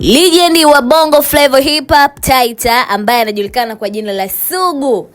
Legend wa Bongo Flava Hip Hop Taita ambaye anajulikana kwa jina la Sugu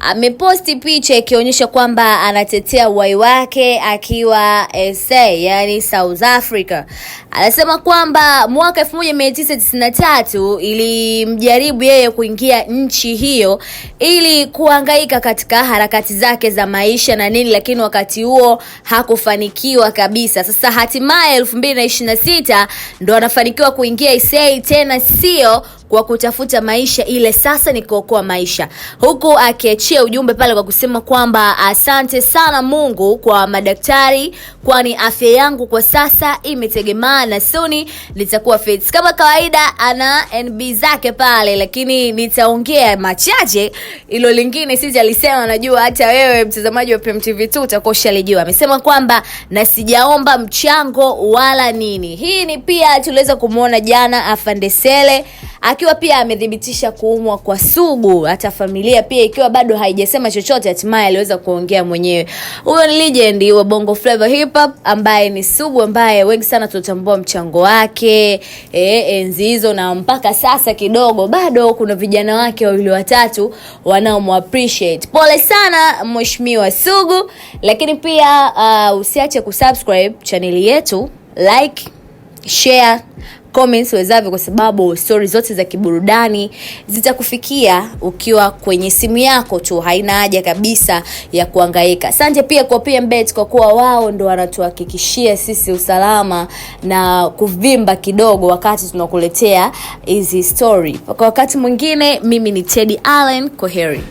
ameposti picha ikionyesha kwamba anatetea uhai wake akiwa SA, yani South Africa. Anasema kwamba mwaka 1993 ilimjaribu yeye kuingia nchi hiyo ili kuhangaika katika harakati zake za maisha na nini, lakini wakati huo hakufanikiwa kabisa. Sasa hatimaye 2026 ndo anafanikiwa kuingia SA, tena sio kwa kutafuta maisha, ile sasa ni kuokoa maisha, huku akiachia ujumbe pale kwa kusema kwamba asante sana Mungu kwa madaktari, kwani afya yangu kwa sasa imetegemea na Sony litakuwa fit. Kama kawaida ana NB zake pale, lakini nitaongea machache. Hilo lingine sisi alisema, najua hata wewe mtazamaji wa PMTV2 utakuwa ushalijua. Amesema kwamba na sijaomba mchango wala nini. Hii ni pia tuliweza kumuona jana Afande Sele akiwa pia amethibitisha kuumwa kwa Sugu, hata familia pia ikiwa bado haijasema chochote, hatimaye aliweza kuongea mwenyewe. Huyo ni legend wa Bongo Flava Hip Hop ambaye ni Sugu, ambaye wengi sana tutambua mchango wake e, enzi hizo na mpaka sasa, kidogo bado kuna vijana wake wawili watatu wanaomu appreciate. Pole sana mheshimiwa Sugu, lakini pia uh, usiache kusubscribe chaneli yetu, like, share comments wezavyo, kwa sababu stori zote za kiburudani zitakufikia ukiwa kwenye simu yako tu, haina haja kabisa ya kuangaika Asante pia kwa PMBet kwa kuwa wao ndo wanatuhakikishia sisi usalama na kuvimba kidogo wakati tunakuletea hizi story. Kwa wakati mwingine, mimi ni Teddy Allen, koheri